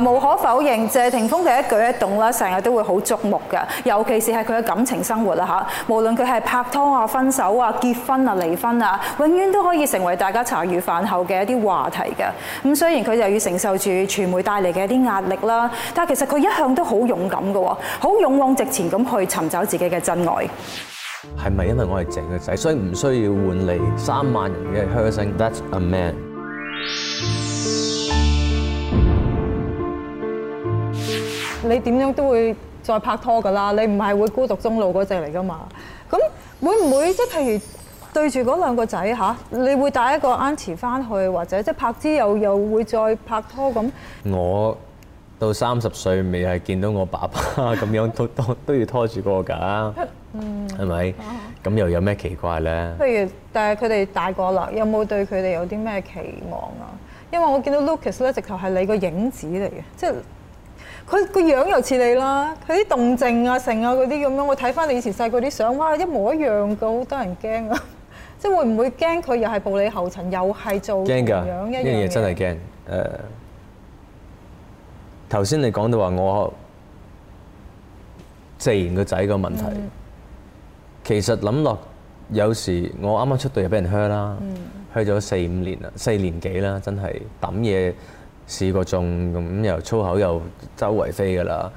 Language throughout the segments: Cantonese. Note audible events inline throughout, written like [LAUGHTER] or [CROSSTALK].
無可否認，謝霆鋒嘅一舉一動啦，成日都會好矚目嘅。尤其是係佢嘅感情生活啦，嚇，無論佢係拍拖啊、分手啊、結婚啊、離婚啊，永遠都可以成為大家茶餘飯後嘅一啲話題嘅。咁雖然佢就要承受住傳媒帶嚟嘅一啲壓力啦，但係其實佢一向都好勇敢嘅喎，好勇往直前咁去尋找自己嘅真愛。係咪因為我係整個仔，所以唔需要換嚟三萬人嘅喝聲？That's a man。你點樣都會再拍拖㗎啦？你唔係會孤獨終老嗰隻嚟㗎嘛？咁會唔會即係譬如對住嗰兩個仔吓、啊，你會帶一個 Auntie 翻去，或者即係柏芝又又會再拍拖咁？我到三十歲未係見到我爸爸咁樣都 [LAUGHS] 都，都都都要拖住個㗎， [LAUGHS] 嗯，係咪？咁、啊、又有咩奇怪咧？譬如，但係佢哋大個啦，有冇對佢哋有啲咩期望啊？因為我見到 Lucas 咧，直頭係你個影子嚟嘅，即係。佢個樣又似你啦，佢啲動靜啊、成啊嗰啲咁樣，我睇返你以前細個啲相，哇，一模一樣㗎，好得人驚啊！即 [LAUGHS] 係會唔會驚佢又係步你後塵，又係做同樣的一樣嘢？真係驚。誒、呃，頭先你講到話我自然個仔個問題，嗯、其實諗落有時我啱啱出道又俾人蝦啦，蝦咗、嗯、四五年啦，四年幾啦，真係揼嘢。試過仲咁又粗口又周圍飛㗎啦！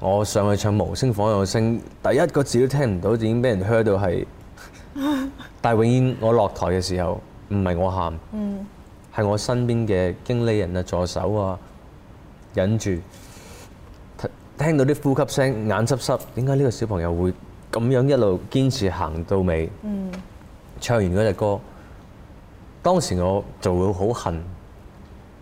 我上去唱《無聲仿有聲》，第一個字都聽唔到，已經俾人噓到係。 [LAUGHS] 但係永遠我落台嘅時候，唔係我喊，係、嗯、我身邊嘅經理人啊、助手啊，忍住聽，聽到啲呼吸聲、眼濕濕。點解呢個小朋友會咁樣一路堅持行到尾？嗯、唱完嗰隻歌，當時我就會好恨。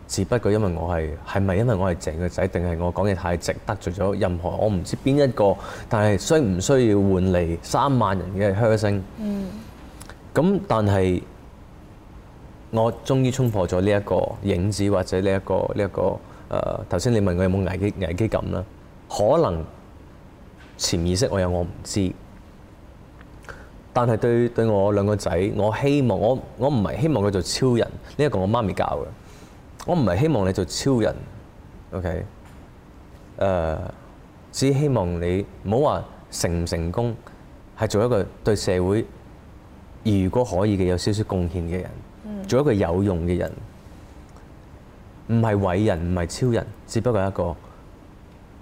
只不過，因為我係係咪因為我係鄭嘅仔，定係我講嘢太直得，得罪咗任何我唔知邊一個？但係需唔需要換嚟三萬人嘅噓聲？嗯，咁但係我終於衝破咗呢一個影子，或者呢一個呢一個誒頭先你問我有冇危機危機感啦？可能潛意識我有，我唔知。但係對對我兩個仔，我希望我我唔係希望佢做超人呢一個，我媽咪教嘅。我唔係希望你做超人，OK？誒、uh，只希望你唔好話成唔成功，係做一個對社會如果可以嘅有少少貢獻嘅人，嗯、做一個有用嘅人，唔係偉人，唔係超人，只不過係一個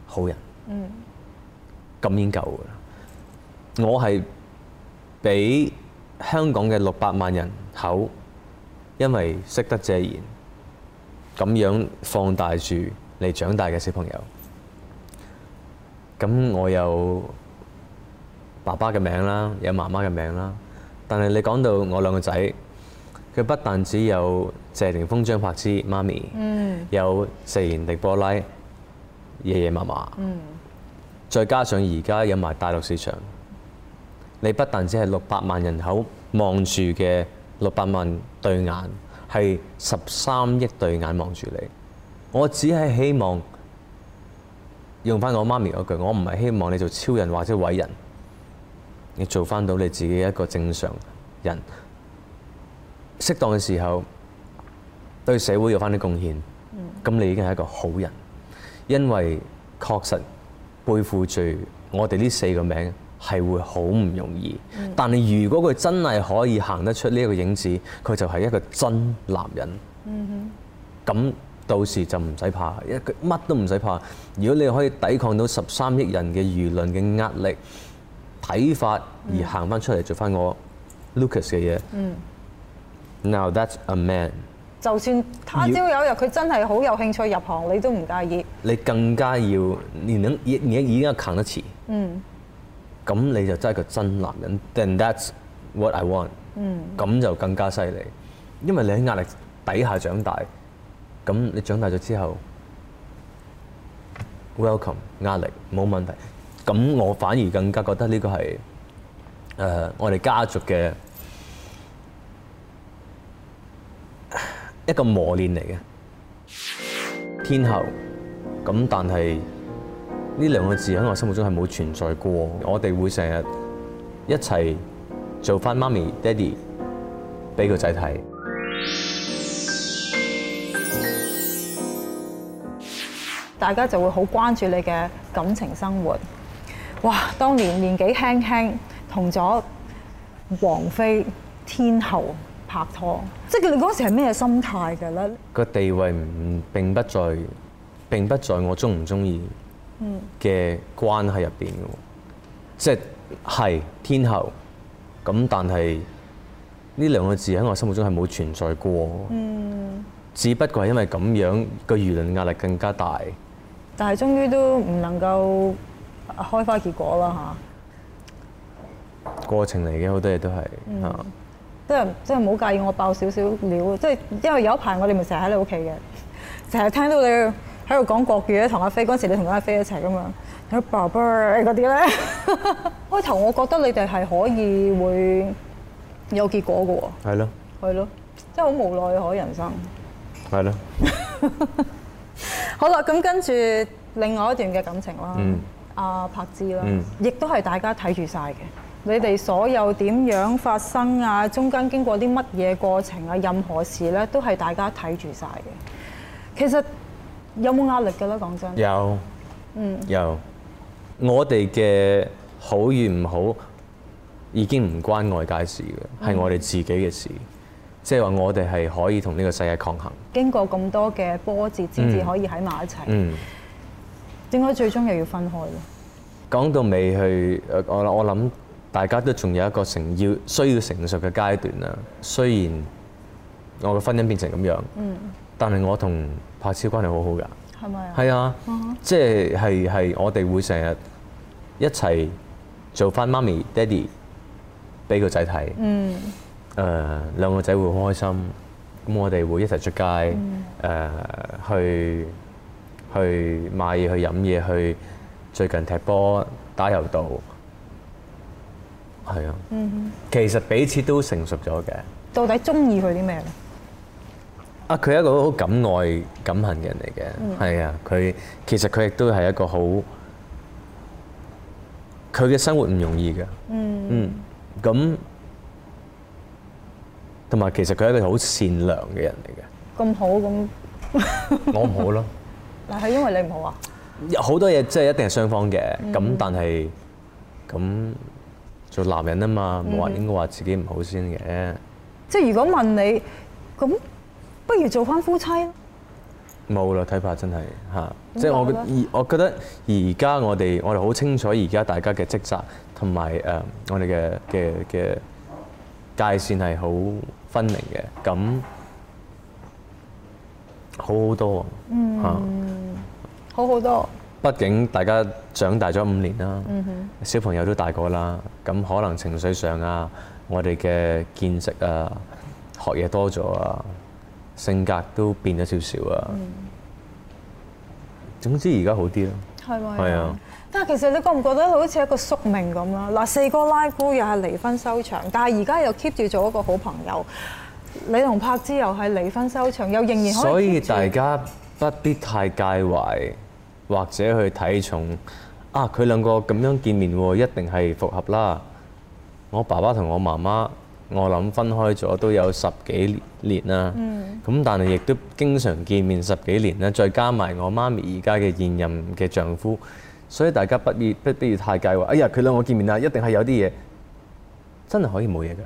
好人。嗯。咁已經夠噶啦。我係俾香港嘅六百萬人口，因為識得借言。咁樣放大住你長大嘅小朋友，咁我有爸爸嘅名啦，有媽媽嘅名啦。但係你講到我兩個仔，佢不但只有謝霆鋒、張柏芝、媽咪，嗯、有謝賢、狄波拉、爺爺嫲嫲，嗯、再加上而家有埋大陸市場，你不但只係六百萬人口望住嘅六百萬對眼。係十三億對眼望住你，我只係希望用翻我媽咪嗰句，我唔係希望你做超人或者偉人，你做翻到你自己一個正常人，適當嘅時候，對社會有翻啲貢獻，咁你已經係一個好人，因為確實背負住我哋呢四個名。係會好唔容易，嗯、但係如果佢真係可以行得出呢一個影子，佢就係一個真男人。嗯哼，咁到時就唔使怕，因為佢乜都唔使怕。如果你可以抵抗到十三億人嘅輿論嘅壓力、睇法而行翻出嚟、嗯、做翻我 Lucas 嘅嘢，嗯，now that's a man。就算他朝有一日佢要真係好有興趣入行，你都唔介意。你更加要年齡，年齡已經行得遲。嗯。咁你就真係個真男人，then that's what I want。咁就更加犀利，因為你喺壓力底下長大，咁你長大咗之後，welcome，壓力冇問題。咁我反而更加覺得呢個係誒我哋家族嘅一個磨練嚟嘅天后。咁但係。呢兩個字喺我心目中係冇存在過我媽媽。我哋會成日一齊做返媽咪爹哋，俾個仔睇。大家就會好關注你嘅感情生活。哇！當年年紀輕輕同咗王菲天后拍拖，即係你嗰時係咩心態㗎咧？個地位唔並不在，並不在我鍾唔鍾意。嘅、嗯、關係入邊嘅，即係係天后，咁但係呢兩個字喺我心目中係冇存在過。嗯，只不過係因為咁樣個輿論壓力更加大，但係終於都唔能夠開花結果啦嚇。啊、過程嚟嘅好多嘢都係、嗯、啊！即係即係唔好介意我爆少少料，即係因為有一排我哋咪成日喺你屋企嘅，成日聽到你。喺度講國語咧，同阿菲嗰陣時你，你同阿菲一齊㗎嘛？嗰啲咧，開頭 [LAUGHS] 我覺得你哋係可以會有結果㗎喎。係咯了，係咯，真係好無奈嘅可人生。係咯了。 [LAUGHS] 好啦，咁跟住另外一段嘅感情啦，阿柏芝啦，亦、啊嗯、都係大家睇住晒嘅。你哋所有點樣發生啊，中間經過啲乜嘢過程啊，任何事咧，都係大家睇住晒嘅。其實。有冇壓力嘅咧？講真，有，嗯，有。我哋嘅好與唔好已經唔關外界事嘅，係我哋自己嘅事。即係話我哋係可以同呢個世界抗衡。經過咁多嘅波折，先至可以喺埋一齊、嗯。嗯，點解最終又要分開咯。講到尾去，我我諗大家都仲有一個成要需要成熟嘅階段啦。雖然我嘅婚姻變成咁樣，嗯，但係我同拍攝關係好好㗎，係咪啊？係啊、uh，huh. 即係係係我哋會成日一齊做翻媽咪爹哋俾個仔睇，誒、mm hmm. 呃、兩個仔會好開心，咁我哋會一齊出街，誒、mm hmm. 呃、去去買嘢，去飲嘢，去最近踢波打柔道，係啊，mm hmm. 其實彼此都成熟咗嘅。到底中意佢啲咩咧？啊！佢係一個好感愛、感恨嘅人嚟嘅，係啊、嗯！佢其實佢亦都係一個好，佢嘅生活唔容易噶。嗯。嗯。咁，同埋其實佢係一個好善良嘅人嚟嘅。咁好咁。我唔好咯。但係因為你唔好啊。好多嘢即係一定係雙方嘅，咁、嗯、但係，咁做男人啊嘛，冇話、嗯、應該話自己唔好先嘅。即係如果問你，咁。不如做翻夫妻咯，冇啦，睇怕真係嚇。啊、即係我，我覺得而家我哋我哋好清楚，而家大家嘅職責同埋誒我哋嘅嘅嘅界線係好分明嘅。咁好好多，嗯，好好多。畢竟大家長大咗五年啦，嗯、哼小朋友都大個啦，咁可能情緒上啊，我哋嘅見識啊，學嘢多咗啊。性格都變咗少少啊！總之而家好啲咯，係咪？係啊！係啊，但係其實你覺唔覺得好似一個宿命咁啦？嗱，四哥拉姑又係離婚收場，但係而家又 keep 住做一個好朋友。你同柏芝又係離婚收場，又仍然可以。所以大家不必太介懷，或者去睇重啊！佢兩個咁樣見面喎，一定係復合啦！我爸爸同我媽媽。我諗分開咗都有十幾年啦，咁、嗯、但係亦都經常見面十幾年啦，再加埋我媽咪而家嘅現任嘅丈夫，所以大家不必不必要太介懷。哎呀，佢兩個見面啦，一定係有啲嘢真係可以冇嘢㗎。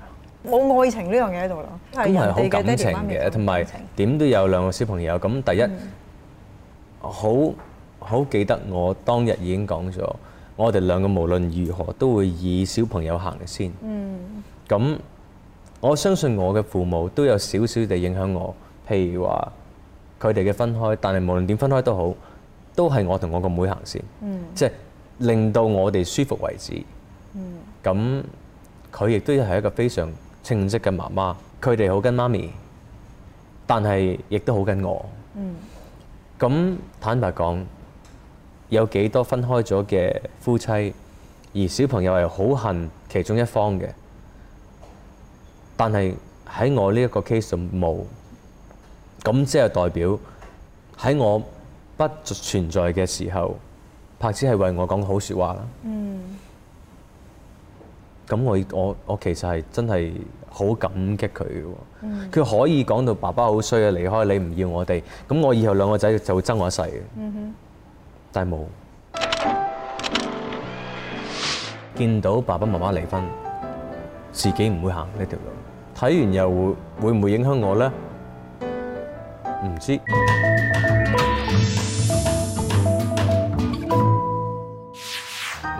冇愛情呢樣嘢喺度咯，咁係好感情嘅，同埋點都有兩個小朋友。咁第一，好好、嗯、記得我當日已經講咗，我哋兩個無論如何都會以小朋友行先。咁、嗯我相信我嘅父母都有少少地影響我，譬如話，佢哋嘅分開，但係無論點分開都好，都係我同我個妹妹行先，嗯、即係令到我哋舒服為止。咁佢亦都係一個非常稱職嘅媽媽，佢哋好跟媽咪，但係亦都好跟我。咁、嗯、坦白講，有幾多分開咗嘅夫妻，而小朋友係好恨其中一方嘅？但係喺我呢一個 case 冇，咁即係代表喺我不存在嘅時候，柏芝係為我講好説話啦。嗯。咁我我我其實係真係好感激佢嘅，佢可以講到爸爸好衰啊，離開你唔要我哋，咁我以後兩個仔就會憎我一世嘅。嗯哼。但係冇。見到爸爸媽媽離婚。自己唔會行呢條路，睇完又會唔會影響我咧？唔知。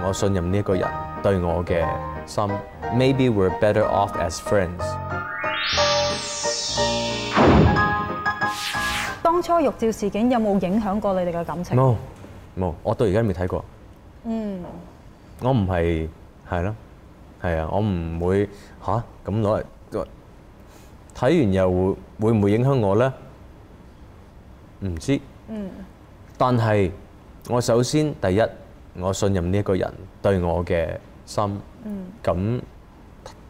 我信任呢一個人對我嘅心，Maybe we're better off as friends。當初玉照事件有冇影響過你哋嘅感情？冇，冇，我到而家未睇過。嗯，我唔係，係咯。係啊，我唔會吓，咁攞嚟睇完又會會唔會影響我咧？唔知。嗯。但係我首先第一，我信任呢一個人對我嘅心。嗯。咁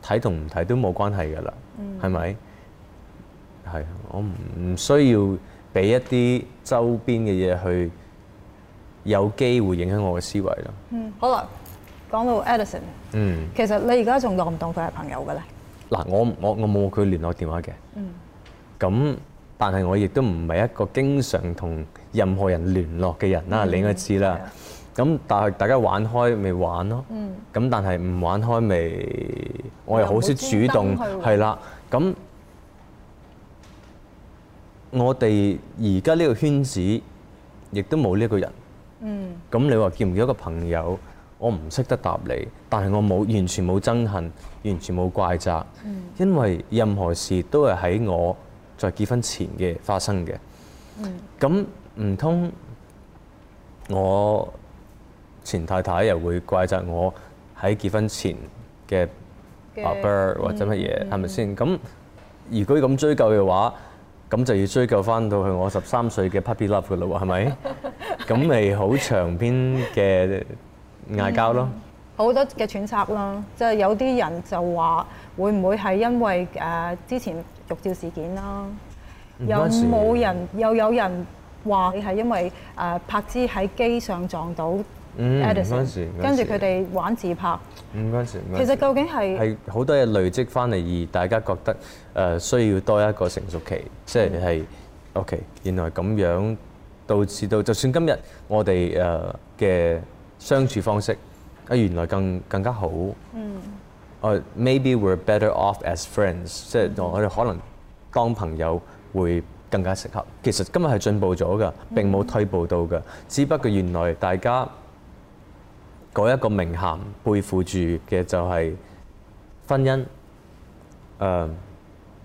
睇同唔睇都冇關係嘅啦。嗯。係咪？係。我唔需要俾一啲周邊嘅嘢去有機會影響我嘅思維咯。嗯，好啦。講到 Edison、嗯、其實你而家仲當唔當佢係朋友嘅咧？嗱，我我我冇佢聯絡電話嘅，咁、嗯、但係我亦都唔係一個經常同任何人聯絡嘅人啦。嗯、你應該知啦。咁但係大家玩開咪玩咯，咁、嗯、但係唔玩開咪，我又好少主動係啦。咁我哋而家呢個圈子亦都冇呢一個人，咁、嗯、你話見唔見一個朋友？我唔識得答你，但係我冇完全冇憎恨，完全冇怪責，嗯、因為任何事都係喺我在結婚前嘅發生嘅。咁唔通我前太太又會怪責我喺結婚前嘅爸爸或者乜嘢，係咪先？咁、嗯、如果要咁追究嘅話，咁就要追究返到去我十三歲嘅 puppy love 嘅咯，係咪？咁咪好長篇嘅。嗌交咯，好、嗯、多嘅揣測啦，即係有啲人就話會唔會係因為誒、呃、之前玉照事件啦，有冇人是又有人話你係因為誒柏芝喺機上撞到 Edison 跟住佢哋玩自拍。唔其實究竟係係好多嘢累積翻嚟，而大家覺得誒、呃、需要多一個成熟期，即係係 OK，原來咁樣導致到，就算今日我哋誒嘅。呃相處方式啊、哎，原來更更加好。嗯、mm. uh，maybe we're better off as friends，mm. 即係我哋可能當朋友會更加適合。其實今日係進步咗噶，並冇退步到噶，mm. 只不過原來大家嗰一個名銜背負住嘅就係婚姻。誒、呃，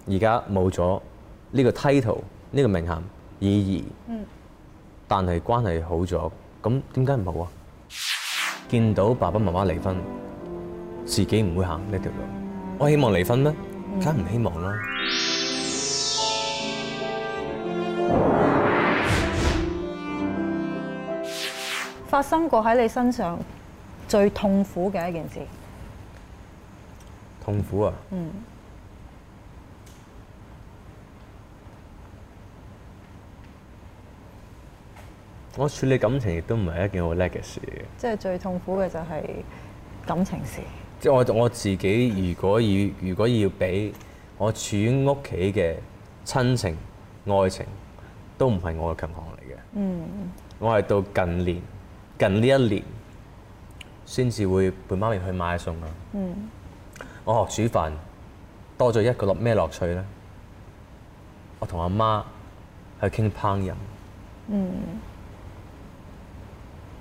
而家冇咗呢個 title，呢個名銜意義，mm. 但係關係好咗，咁點解唔好啊？見到爸爸媽媽離婚，自己唔會行呢條路。我希望離婚咩？梗唔希望啦。嗯、發生過喺你身上最痛苦嘅一件事，痛苦啊！嗯。我處理感情亦都唔係一件好叻嘅事嘅，即係最痛苦嘅就係感情事。即係我我自己如，如果要如果要俾我處於屋企嘅親情愛情，都唔係我嘅強項嚟嘅。嗯，我係到近年近呢一年先至會陪媽咪去買餸啊。嗯，我學煮飯多咗一個樂咩樂趣咧？我同阿媽，媽去傾烹飪。嗯。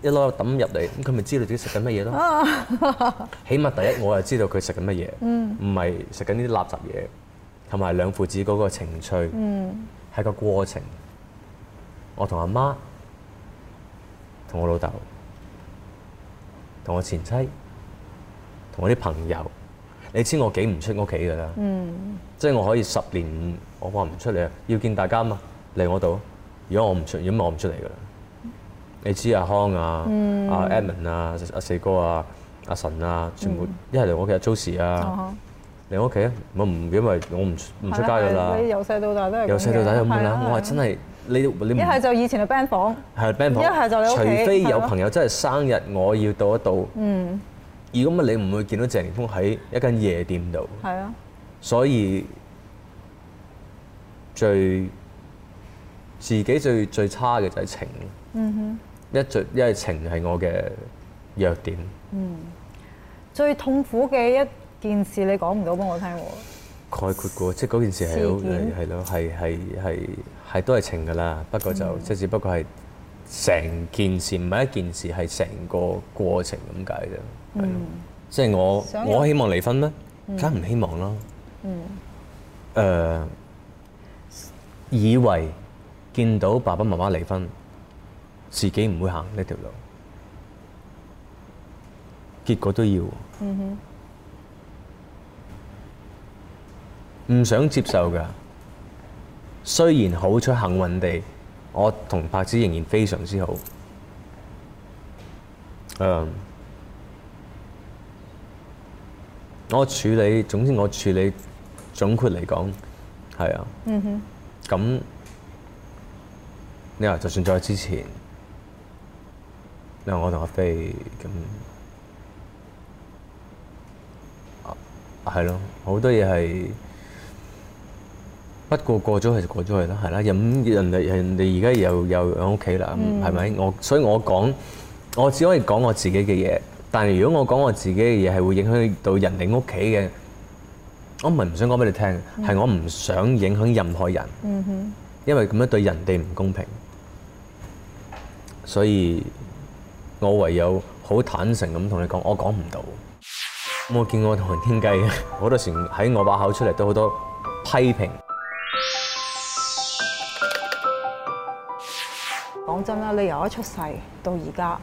一攞抌入嚟，咁佢咪知道自己食緊乜嘢咯？ [LAUGHS] 起碼第一，我就知道佢食緊乜嘢，唔係食緊呢啲垃圾嘢，同埋兩父子嗰個情趣，係、嗯、個過程。我同阿媽，媽、同我老豆、同我前妻、同我啲朋友，你知道我幾唔出屋企㗎啦？嗯、即係我可以十年我話唔出嚟啊，要見大家啊嘛嚟我度。如果我唔出，如果我唔出嚟㗎啦。你知阿康啊、阿 Edmond 啊、阿四哥啊、阿神啊，全部一係嚟我屋企啊 Josie 啊，嚟我屋企啊，我唔因為我唔唔出街噶啦。由細到大都係。由細到大都係咁啦，我係真係你一係就以前係 band 房，一係就你屋企，除非有朋友真係生日，我要到一到。嗯。如果乜你唔會見到謝霆鋒喺一間夜店度。係啊。所以最自己最最差嘅就係情。嗯哼。一因為情係我嘅弱點。嗯，最痛苦嘅一件事，你講唔到俾我聽喎。概括嘅，即係嗰件事係好咯，係係係係都係情㗎啦。不過就即係、嗯、只不過係成件事，唔係一件事，係成個過程咁解啫。嗯，即係我要我希望離婚咩？梗唔、嗯、希望囉。嗯。誒、呃，以為見到爸爸媽媽離婚。自己唔會行呢條路，結果都要，唔、mm hmm。想接受㗎。雖然好彩幸運地，我同柏芝仍然非常之好。Uh, 我處理，總之我處理總括嚟講係啊。嗯，咁你話，就算再之前。嗱，我同阿飛咁，啊，係咯，好多嘢係。不過過咗去就過咗去啦，係啦。咁人哋人哋而家又又喺屋企啦，係咪？我所以我講，我只可以講我自己嘅嘢。但係如果我講我自己嘅嘢係會影響到人哋屋企嘅，我唔係唔想講俾你聽，係我唔想影響任何人。嗯哼。因為咁樣對人哋唔公平，所以。我唯有好坦誠咁同你講，我講唔到。咁我見我同人傾偈，好多時喺我把口出嚟都好多批評。講真啦，你由一出世到而家，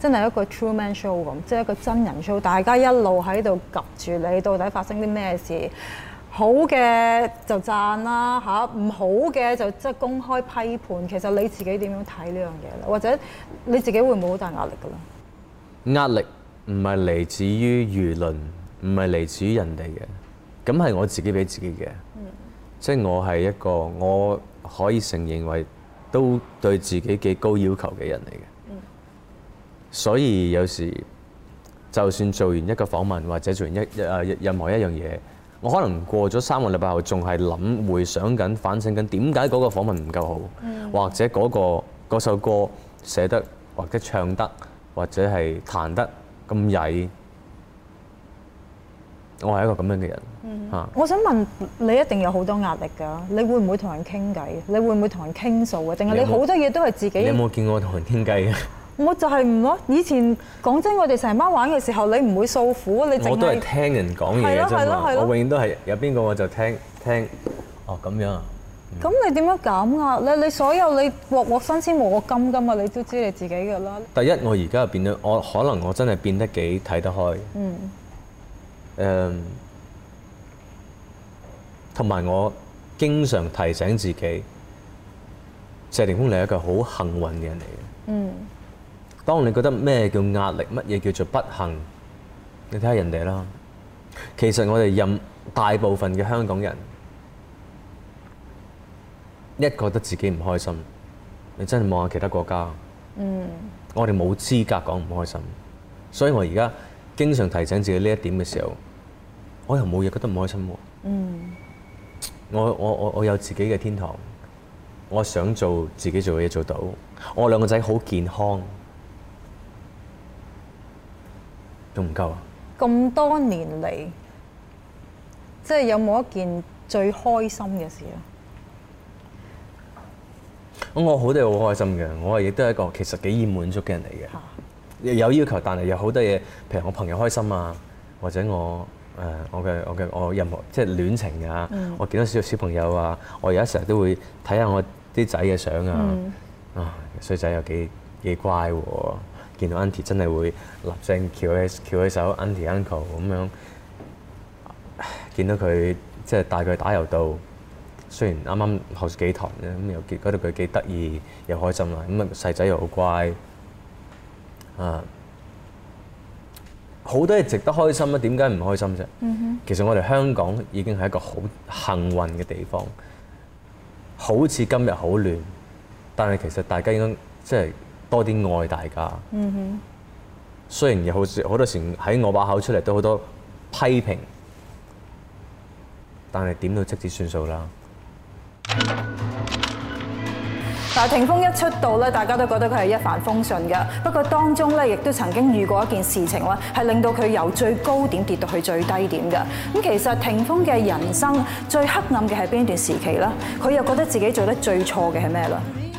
真係一個 true man show 咁，即係一個真人 show，大家一路喺度及住你，到底發生啲咩事？好嘅就讚啦、啊、嚇，唔好嘅就即係公開批判。其實你自己點樣睇呢樣嘢咧？或者你自己會冇好大壓力㗎咧？壓力唔係嚟自於輿論，唔係嚟自於人哋嘅，咁係我自己俾自己嘅。嗯、即係我係一個我可以承認為都對自己幾高要求嘅人嚟嘅。嗯、所以有時就算做完一個訪問，或者做完一、啊、任何一樣嘢。我可能過咗三個禮拜後，仲係諗、回想緊、反省緊，點解嗰個訪問唔夠好，或者嗰、嗰個、嗰首歌寫得或者唱得或者係彈得咁曳。我係一個咁樣嘅人嚇、嗯。啊、我想問你一定有好多壓力㗎？你會唔會同人傾偈？你會唔會同人傾訴啊？定係你好多嘢都係自己你有冇？你有冇見我同人傾偈啊？我就係唔咯。以前講真，我哋成班玩嘅時候，你唔會訴苦，你淨係聽人講嘢啫嘛。我永遠都係有邊個我就聽聽。哦，咁樣啊？咁你點樣減壓咧？你所有你鑊鑊新鮮冇鑊金噶嘛？你都知你自己噶啦。第一，我而家變咗，我可能我真係變得幾睇得開。嗯。誒，同埋我經常提醒自己，謝霆鋒你係一個好幸運嘅人嚟嘅。嗯。當你覺得咩叫壓力，乜嘢叫做不幸，你睇下人哋啦。其實我哋任大部分嘅香港人，一覺得自己唔開心，你真係望下其他國家。嗯。我哋冇資格講唔開心，所以我而家經常提醒自己呢一點嘅時候，我又冇嘢覺得唔開心喎。嗯。我我我我有自己嘅天堂，我想做自己做嘅嘢做到，我兩個仔好健康。都唔夠啊！咁多年嚟，即係有冇一件最開心嘅事啊？我好多好開心嘅，我係亦都係一個其實幾易滿足嘅人嚟嘅。有要求，但係有好多嘢，譬如我朋友開心啊，或者我誒、呃、我嘅我嘅我任何即係戀情啊，嗯、我見到少少小朋友啊，我而家成日都會睇下我啲仔嘅相啊，嗯、啊衰仔又幾幾乖喎、啊！見到 Auntie 真係會立正，翹起翹起手 Auntie uncle 咁樣，見到佢即係帶佢打油道，雖然啱啱學幾堂嘅，咁又見覺得佢幾得意，又開心啦，咁、嗯、啊細仔又好乖，啊好多嘢值得開心啊，點解唔開心啫？Mm hmm. 其實我哋香港已經係一個好幸運嘅地方，好似今日好亂，但係其實大家應該即係。就是多啲愛大家。嗯哼。雖然有好多時喺我把口出嚟都好多批評，但係點都直接算數啦。但霆鋒一出道咧，大家都覺得佢係一帆風順嘅。不過當中咧，亦都曾經遇過一件事情咧，係令到佢由最高點跌到去最低點嘅。咁其實霆鋒嘅人生最黑暗嘅係邊一段時期咧？佢又覺得自己做得最錯嘅係咩咧？